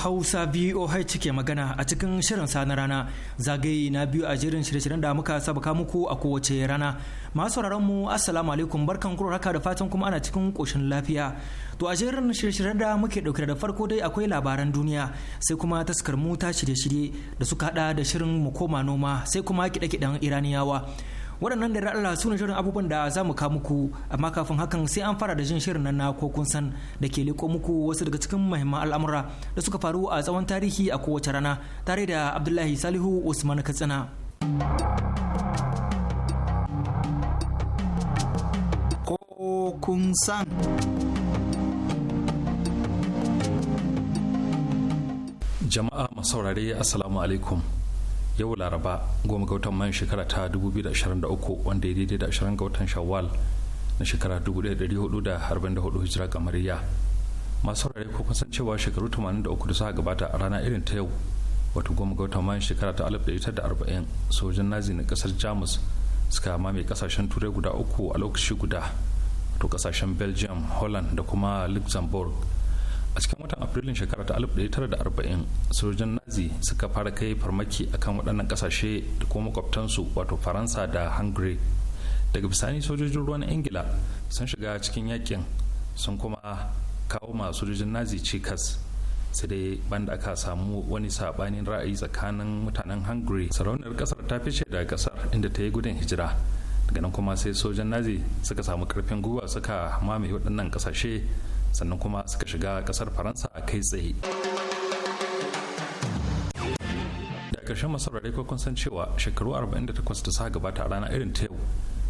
Hausa VOH ke magana a cikin shirin sa na rana zagaye na biyu a jerin shirye-shiryen da muka sabaka muku a kowace rana. Masu sauraron mu Assalamu alaikum barkan kuro haka da fatan kuma ana cikin koshin lafiya. To a jerin shirye-shiryen da muke dauke da farko dai akwai labaran duniya sai kuma taskar mu ta shirye-shirye da suka hada da shirin mu koma noma sai kuma kiɗe-kiɗen Iraniyawa. waɗannan da Allah su ne shirin abubuwan da za mu kawo muku amma kafin hakan sai an fara da jin shirin nan na ko kun san da ke leƙo muku wasu daga cikin muhimman al'amura da suka faru a tsawon tarihi a kowace rana tare da Abdullahi Salihu Usman Katsina. Ko kun san. Jama'a masaurare Assalamu alaikum. yau laraba goma ga watan mayan shekara ta 2023 wanda ya daidai da 20 ga watan shawwal na shekara 1444 hijira kamariya masu rarrai ko kusan cewa shekaru 83 da suka gabata a rana irin ta yau wato goma ga watan mayan shekara ta 1940 sojan nazi na kasar jamus suka mamaye kasashen turai guda uku a lokaci guda to kasashen belgium holland da kuma luxembourg a cikin watan afrilun shekara ta 1940 sojojin nazi suka fara kai farmaki akan waɗannan ƙasashe da kuma makwabtansu wato faransa da hungary daga bisani sojojin ruwan ingila sun shiga cikin yakin sun kuma kawo ma sojojin nazi cikas sai dai banda aka samu wani sabanin ra'ayi tsakanin mutanen hungary sarauniyar kasar ta fice daga kasar inda ta yi gudun hijira daga nan kuma sai sojan nazi suka samu karfin gwiwa suka mamaye waɗannan kasashe sannan kuma suka shiga kasar faransa a kai tsaye da ƙarshen masarar kun san cewa shekaru 48 da suka gabata a rana irin ta yau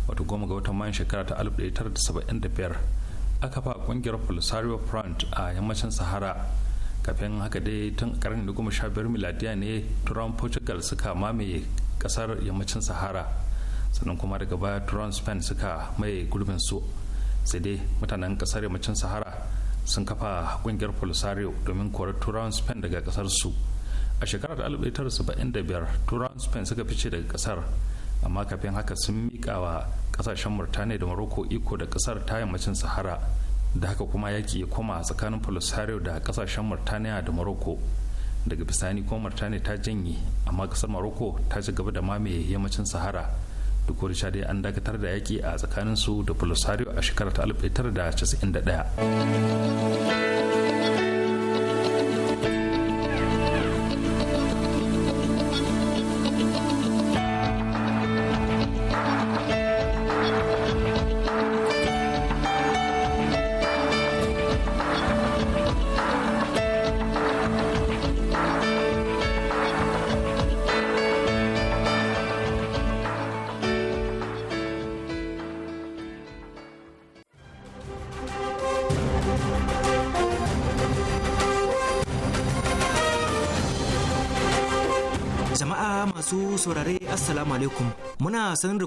wato goma ga watan mayan shekara ta 1975 aka fa kungiyar polisario front a yammacin sahara kafin haka dai tun karni da goma sha biyar miladiya ne turan portugal suka mamaye kasar yammacin sahara sannan kuma daga baya turan spain suka maye gurbin su sai dai mutanen kasar yammacin sahara sun kafa kungiyar polisario domin korar turawan spain daga kasar su a shekarar 1975 turawan spain suka fice daga kasar amma kafin haka sun miƙa wa kasashen murtane da maroko iko da kasar ta yammacin sahara da haka kuma yaki ya koma tsakanin polisario da kasashen murtaniya da maroko daga bisani kuma murtane ta janye amma kasar maroko ta ci gaba da mamaye yammacin sahara duk wani dai an dakatar da yaƙi a tsakaninsu da polisario a shekarar ta da 1991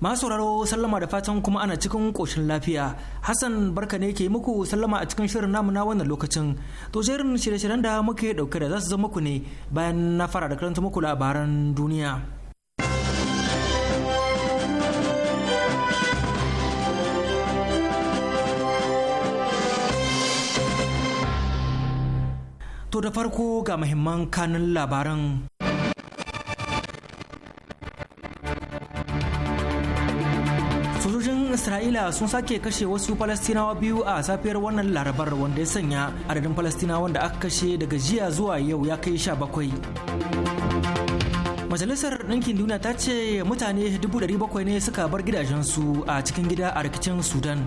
masu sauraro sallama da fatan kuma ana cikin koshin lafiya hassan barka ne ke muku sallama a cikin shirin namu na wannan lokacin to jerin shirye-shiryen da muke ɗauke da za su zama ku ne bayan na fara da karanta muku labaran duniya To da farko ga muhimman kanun labaran isra'ila sun sake kashe wasu falastinawa biyu a safiyar wannan larabar wanda ya sanya adadin falastinawan da aka kashe daga jiya zuwa yau ya kai sha bakwai majalisar ɗinkin duniya ta ce mutane 700,000 ne suka bar gidajensu a cikin gida a rikicin sudan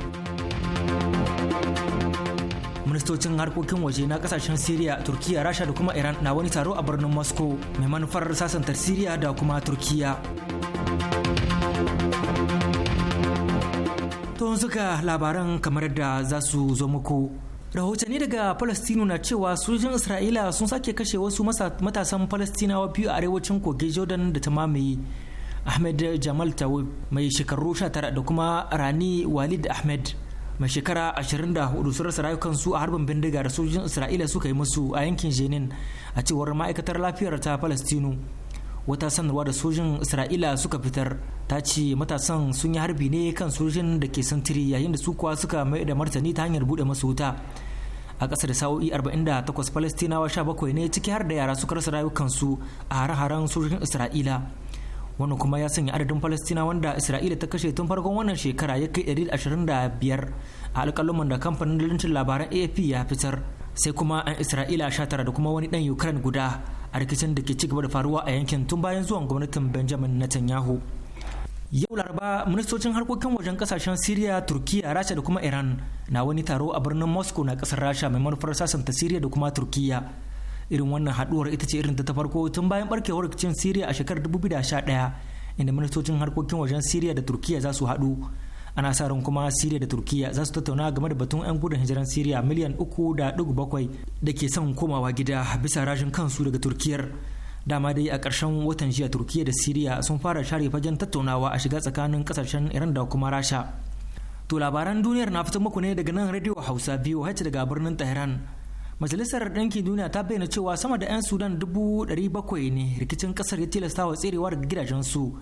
ministocin harkokin waje na kasashen syria turkiya rasha da kuma iran na wani taro a birnin moscow mai manufar sasantar syria da kuma turkiya to suka labaran kamar da za su zo muku rahotanni daga palestino na cewa sojojin isra'ila sun sake kashe wasu matasan palestinawa biyu a arewacin kogin jordan da ta mamaye ahmed jamal tawib mai shekaru 19 da kuma rani walid ahmed mai shekara 24 su rasa rayukansu a harbin bindiga da sojojin isra'ila suka yi musu a yankin jenin a cewar ma'aikatar lafiyar ta palestino wata sanarwa da sojin isra'ila suka fitar ta ce matasan sun yi harbi ne kan sojin da ke sintiri yayin da su kuwa suka mai da martani ta hanyar buɗe masu wuta a ƙasa da sa'o'i 48 falastinawa 17 ne ciki har da yara suka rasa rayukansu a hare-haren sojin isra'ila wannan kuma ya sanya adadin palestina wanda isra'ila ta kashe tun farkon wannan shekara ya kai 125 a alƙaluman da kamfanin dalilin labaran afp ya fitar sai kuma an isra'ila 19 da kuma wani ɗan ukraine guda a rikicin da ke cigaba da faruwa a yankin tun bayan zuwan gwamnatin benjamin netanyahu yau laraba ministocin harkokin wajen kasashen siriya turkiya rasha da kuma iran na wani taro a birnin moscow na kasar rasha mai manufar sasanta siriya da kuma turkiya irin wannan haduwar ita ce irin ta farko tun bayan barkewar rikicin siriya a shekarar 2011 inda ministocin harkokin wajen siriya da turkiya za su haɗu ana sa ran kuma siriya da turkiya za su tattauna game da batun 'yan gudun hijiran siriya miliyan uku da bakwai da ke son komawa gida bisa rajin kansu daga turkiyar dama dai a ƙarshen watan jiya turkiya da siriya sun fara share fagen tattaunawa a shiga tsakanin kasashen iran da kuma rasha to labaran duniyar na fito muku ne daga nan radio hausa biyu hajji daga birnin tehran majalisar ɗinkin duniya ta bayyana cewa sama da 'yan sudan dubu bakwai ne rikicin kasar ya tilasta wa tserewa daga gidajensu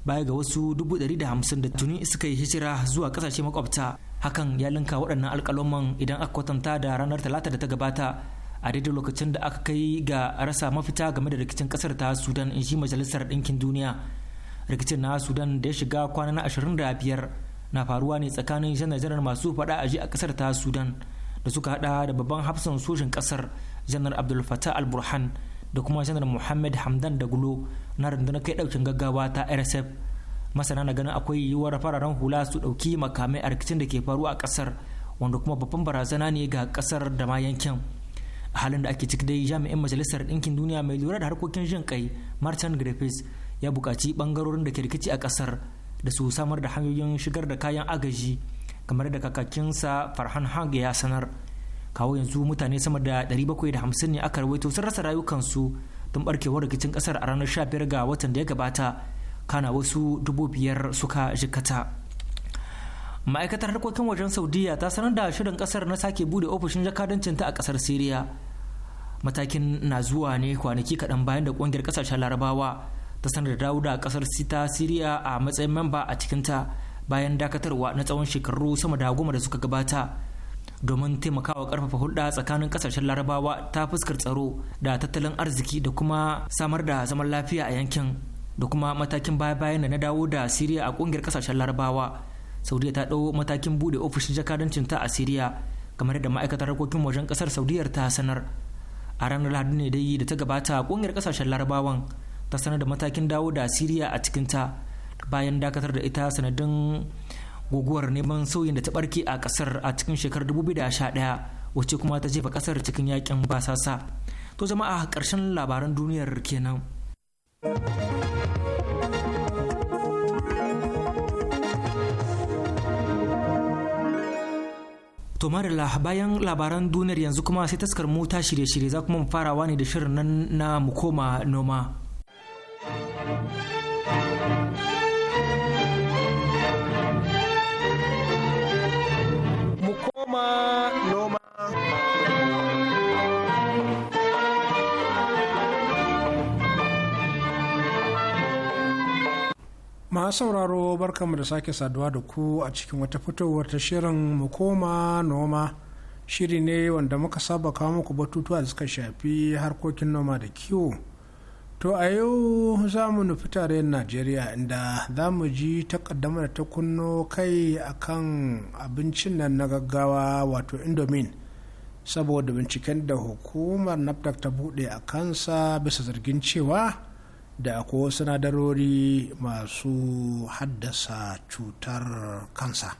baya ga wasu dubu ɗari da hamsin da tuni suka yi hijira zuwa ƙasashe makwabta hakan ya linka waɗannan alƙaloman idan aka kwatanta da ranar talata da ta gabata a daidai lokacin da aka kai ga rasa mafita game da rikicin ƙasar ta sudan in shi majalisar ɗinkin duniya rikicin na sudan da ya shiga kwana na ashirin da biyar na faruwa ne tsakanin janar-janar masu faɗa aji a ƙasar ta sudan da suka haɗa da babban hafsan sojin ƙasar janar abdul fatah al-burhan da kuma janar muhammad hamdan da gulo na rundunar kai daukin gaggawa ta rsf masana na ganin akwai yiwuwar fararen hula su dauki makamai a rikicin da ke faru a kasar wanda kuma babban barazana ne ga kasar da ma yankin a halin da ake ciki dai jami'in majalisar ɗinkin duniya mai lura da harkokin jin kai martin griffiths ya buƙaci bangarorin da ke rikici a kasar da su samar da hanyoyin shigar da kayan agaji kamar da kakakinsa farhan hag ya sanar kawo yanzu mutane sama da 750 ne aka rawaito sun rasa rayukansu don barkewar rikicin kasar a ranar 15 ga watan da ya gabata kana wasu dubu biyar suka jikata ma'aikatar harkokin wajen saudiya ta sanar da shirin kasar na sake bude ofishin jakadancinta a kasar siriya matakin na zuwa ne kwanaki kaɗan bayan da kungiyar kasashen larabawa ta sanar da dawo da kasar sita siriya a matsayin memba a cikinta bayan dakatarwa na tsawon shekaru sama da goma da suka gabata domin taimakawa karfafa hulɗa tsakanin kasashen larabawa ta fuskar tsaro da tattalin arziki da kuma samar da zaman lafiya a yankin da kuma matakin baya-bayan da na dawo da siriya a kungiyar kasashen larabawa saudiya ta ɗau matakin buɗe ofishin jakadancin ta a siriya kamar da ma'aikatar harkokin wajen kasar saudiyar ta sanar a ranar lahadi ne dai da ta gabata kungiyar kasashen larabawan ta sanar da matakin dawo da siriya a cikinta bayan dakatar da ita sanadin guguwar neman sauyin da ta barke a kasar a cikin shekarar 2011 wacce kuma ta jefa kasar cikin yakin basasa to jama'a karshen labaran duniyar kenan To Marila bayan labaran duniyar yanzu kuma sai taskar mota shirye-shirye za kuma farawa ne da shirin nan na mu koma noma. noma noma. ma sauraro barkanmu da sake saduwa da ku a cikin wata fitowar ta shirin mu koma noma. Shiri ne wanda muka saba kawo muku batutuwa da suka shafi harkokin noma da kiwo. To a yau za mu nufi tarayyar Najeriya inda za mu ji takaddama da ta kunno kai akan abincin nan na gaggawa wato indomin saboda binciken da hukumar naftar ta buɗe a kansa bisa zargin cewa da akwai sinadarori masu haddasa cutar kansa.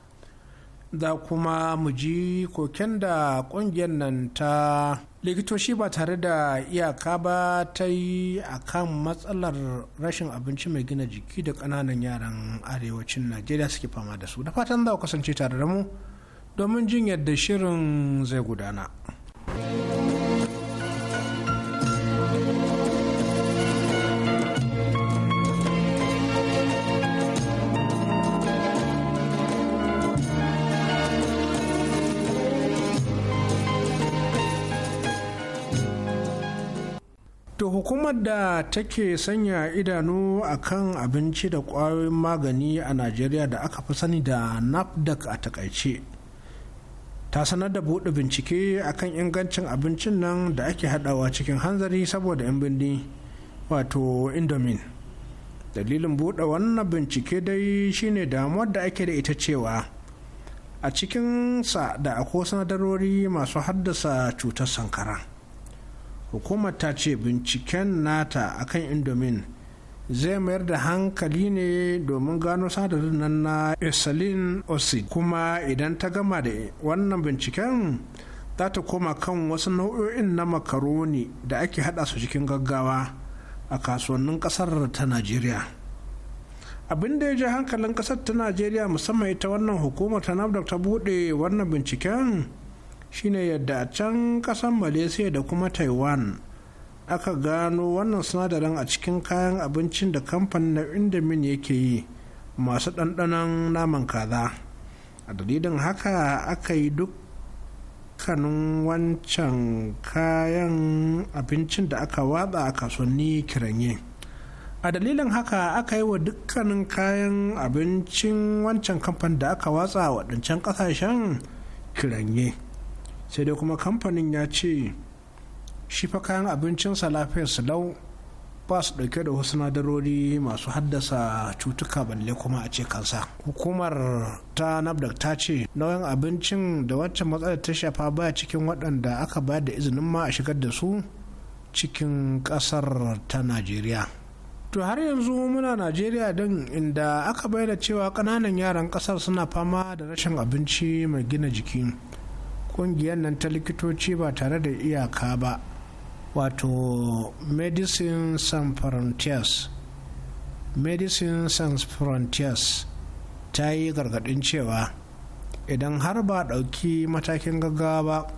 Za kuma mu ji koken da ƙungiyar nan ta likitoci ba tare da iyaka ba ta yi a kan matsalar rashin abinci mai gina jiki da ƙananan yaran arewacin najeriya suke fama da su da fatan za ku kasance tare da mu domin jin yadda shirin zai gudana. hukumar da take sanya idanu a kan abinci da ƙwayoyin magani a najeriya da aka fi sani da nafdac a takaice ta sanar da buɗe bincike akan ingancin abincin nan da ake haɗawa cikin hanzari saboda 'yan bindi wato indomin dalilin buɗe wannan bincike dai shine damuwar da ake da ita cewa a cikinsa da akwai sanadarori masu haddasa cutar sankara. hukumar ta ce binciken nata akan indomin zai mayar da hankali ne domin gano sadarin nan na isalin osid kuma idan ta gama da wannan binciken za ta koma kan wasu nau'o'in na makaroni da ake hada su cikin gaggawa a kasuwannin kasar ta najeriya abin da ya ji hankalin kasar ta najeriya musamman ita wannan hukumar ta nafdak ta bude wannan binciken shine yadda a can kasan malaysia da kuma taiwan aka gano wannan sinadarin a cikin kayan abincin da kamfanin na indomin yake yi masu ɗanɗanon naman kaza a dalilin haka aka yi dukkanin wancan kayan abincin da aka watsa a kasuwanni kiranye a dalilin haka aka yi wa dukkanin kayan abincin wancan kamfanin da aka watsa a waɗancan ƙasashen kiranye sai dai kuma kamfanin ya ce shi fa kayan abincin lafiyar su lau ba su dauke da wasu sinadarori masu haddasa cutuka balle kuma a ce kansa hukumar ta nafdak ta ce nauyin abincin da wancan matsalar ta shafa ba cikin waɗanda aka ba da izinin ma a shigar da su cikin ƙasar ta najeriya to har yanzu muna najeriya din inda aka bayyana cewa ƙananan yaran ƙasar suna fama da rashin abinci mai gina jiki kungiyar nan ta likitoci ba tare da iyaka ba wato medicine sans frontiers medicine sans frontiers ta yi gargadin cewa idan har ba ɗauki matakin gaggawa ba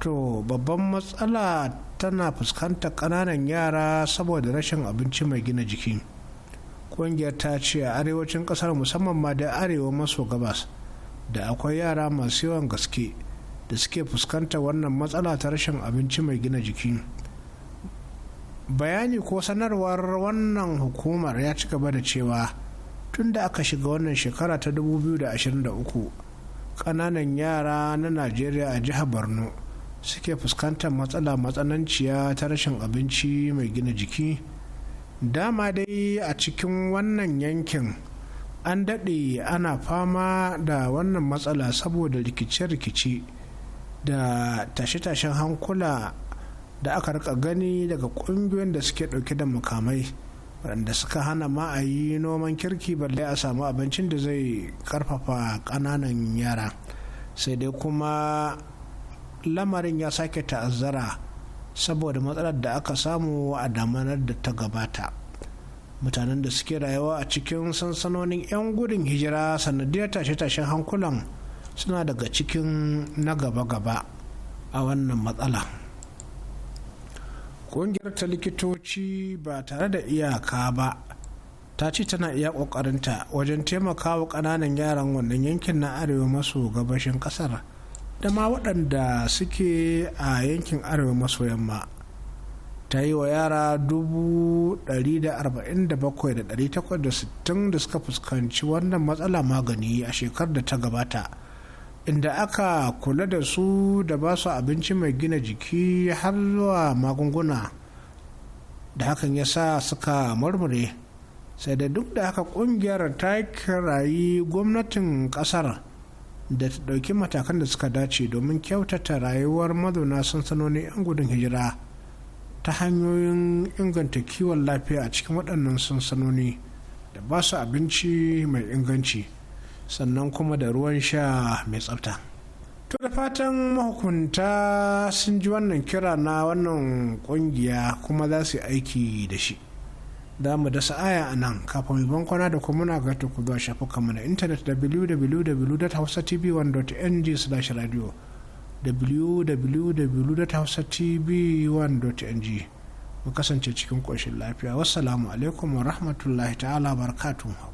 to babban matsala tana fuskanta ƙananan yara saboda rashin abinci mai gina jiki ƙungiyar ta ce a arewacin ƙasar musamman ma da arewa maso gabas da akwai yara masu yawan gaske da suke fuskanta wannan matsala ta rashin abinci mai gina jiki bayani ko sanarwar wannan hukumar ya ci gaba da cewa tun da aka shiga wannan shekara ta 2023 ƙananan yara na najeriya a jihar borno suke fuskantar matsala matsananciya ta rashin abinci mai gina jiki dama dai a cikin wannan yankin an daɗe ana fama da wannan matsala saboda rikice-rikice da tashe-tashen hankula da aka rika gani daga kungiyoyin da suke dauke da mukamai waɗanda suka hana ma a yi noman kirki balle a samu abincin da zai karfafa ƙananan yara sai dai kuma lamarin ya sake ta'azzara saboda matsalar da aka samu a damanar da ta gabata mutanen da suke rayuwa a cikin sansanonin 'yan gudun hijira sanadiyar tashe-tashen hankulan suna daga cikin na gaba-gaba a wannan matsala ƙungiyar ta likitoci ba tare da iyaka ba ta ce tana iya ƙoƙarinta wajen taimaka wa ƙananan yaran wannan yankin na arewa maso gabashin ƙasar da ma waɗanda suke a yankin arewa maso yamma ta yi wa yara 147,860 da suka fuskanci wannan matsala magani a shekarar da ta gabata inda aka kula da su da ba su abinci mai gina jiki har zuwa magunguna da hakan ya sa suka murmure sai da duk da haka kungiyar ta kirayi gwamnatin kasar da ta ɗauki matakan da suka dace domin kyautata rayuwar mazauna sansanoni 'yan gudun hijira ta hanyoyin inganta kiwon lafiya a cikin waɗannan sansanoni da ba su abinci mai inganci. sannan kuma da ruwan sha mai tsafta to da fatan mahukunta sun ji wannan kira na wannan kungiya kuma za su yi aiki da shi da mu da sa'aya a nan kafin mai bankwana da kuma muna gata ku zuwa kama na intanet www.hausatv1.ng slash radio www.hausatv1.ng mu kasance cikin ƙoshin lafiya wassalamu alaikum wa rahmatullahi ta'ala barakatuhu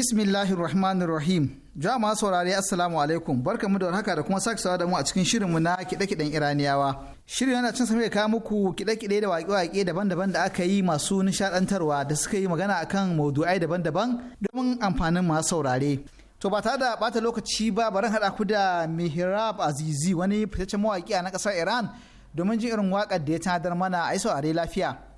Bismillahir Rahmanir Rahim. Jama'a saurare Assalamu alaikum. mu da warhaka da kuma sake da mu a cikin mu na kide-kiden Iraniyawa. Shirin yana cin sami kawo muku kide-kide da waƙe-waƙe daban-daban da aka yi masu nishaɗantarwa da suka yi magana akan maudu'ai daban-daban domin amfanin masu saurare. To ba tare da bata lokaci ba barin haɗa ku da Mihrab Azizi wani fitaccen mawaƙi a na ƙasar Iran domin jin irin waƙar da ya tanadar mana a yi saurare lafiya.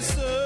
sir.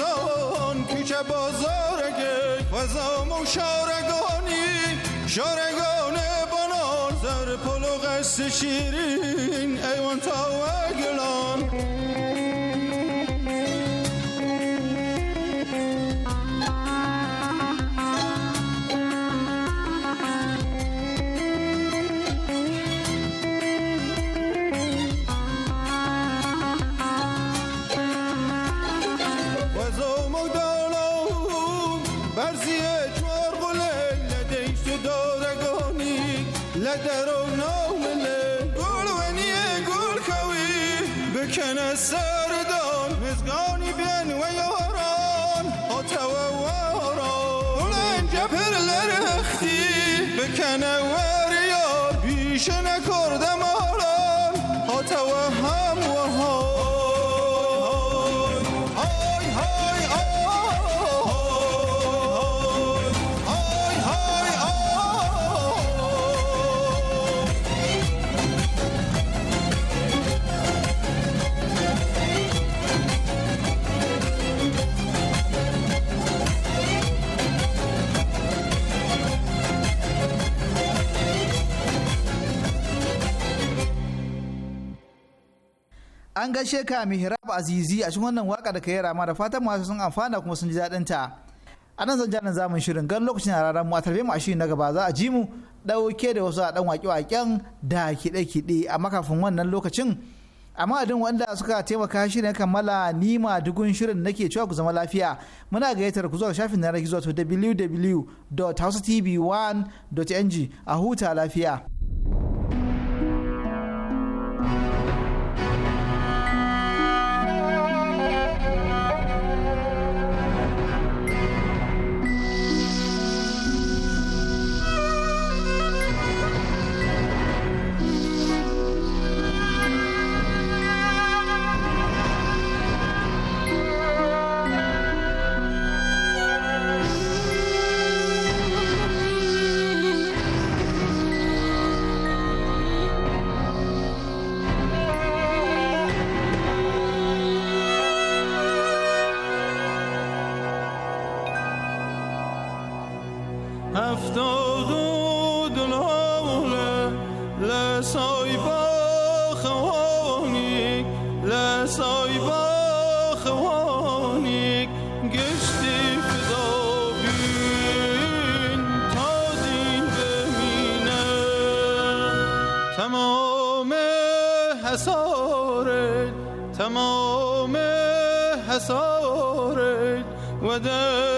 آن کیچه بازارگه وزا و شارگانی شارگان بنار زر پلو شیرین ایوان تا وگلان. can a sir don is gone even when you an gaishe ka mihrab azizi a cikin wannan waka da ka yi rama da fatan masu sun amfana kuma sun ji daɗin ta a nan zan janin zamun shirin gan lokacin a ranar mu a tarbe mu a shirin na gaba za a ji mu ɗauke da wasu a ɗan waƙe-waƙen da kiɗe-kiɗe a makafin wannan lokacin amma adin wanda suka taimaka shi ne kammala nima dugun shirin nake cewa ku zama lafiya muna gayyatar ku zuwa shafin na gizo to www.housetv1.ng a huta lafiya. هفتاد و دنامونه لسای با خوانیک لسای با خوانیک گشتی فدا بین تا دین بمینه تمام حسارت تمام حسارت و در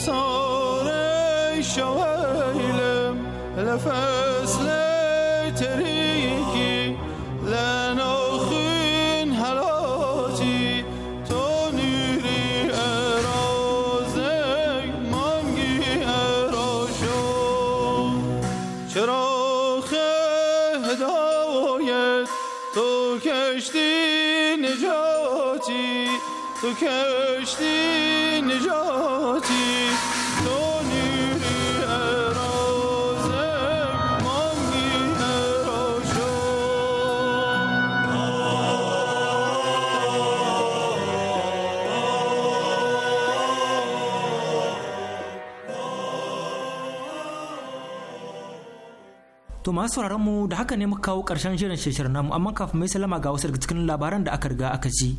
So. شویلم لفس تریکی لناخین حلاتی تو نیری ارازی مانگی اراشو چرا هدایت تو کشتی نجاتی تو کشتی masu mu da haka ne muka kawo karshen shirin shirin namu amma kafin mai salama ga wasu daga cikin labaran da aka riga aka ji.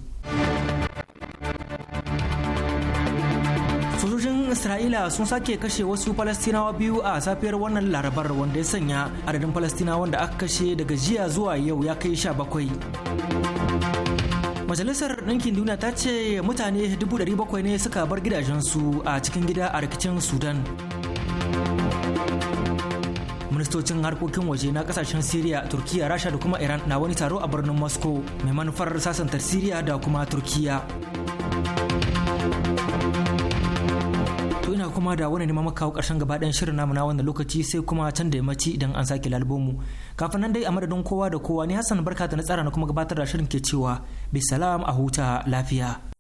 Sojojin Isra'ila sun sake kashe wasu Falastinawa biyu a safiyar wannan larabar wanda ya sanya adadin Falastinawan da aka kashe daga jiya zuwa yau ya kai sha bakwai. Majalisar Ɗinkin Duniya ta ce mutane 700,000 ne suka bar gidajensu a cikin gida a rikicin Sudan. ministocin harkokin waje na kasashen syria turkiya rasha da kuma iran na wani taro a birnin moscow mai manufar sasantar syria da kuma turkiya to ina kuma da wani neman makawo karshen gaba ɗayan shirin namu na lokaci sai kuma can da mace idan an sake lalbomu kafin nan dai a madadin kowa da kowa ni hassan barka da na tsara na kuma gabatar da shirin ke cewa bisalam a huta lafiya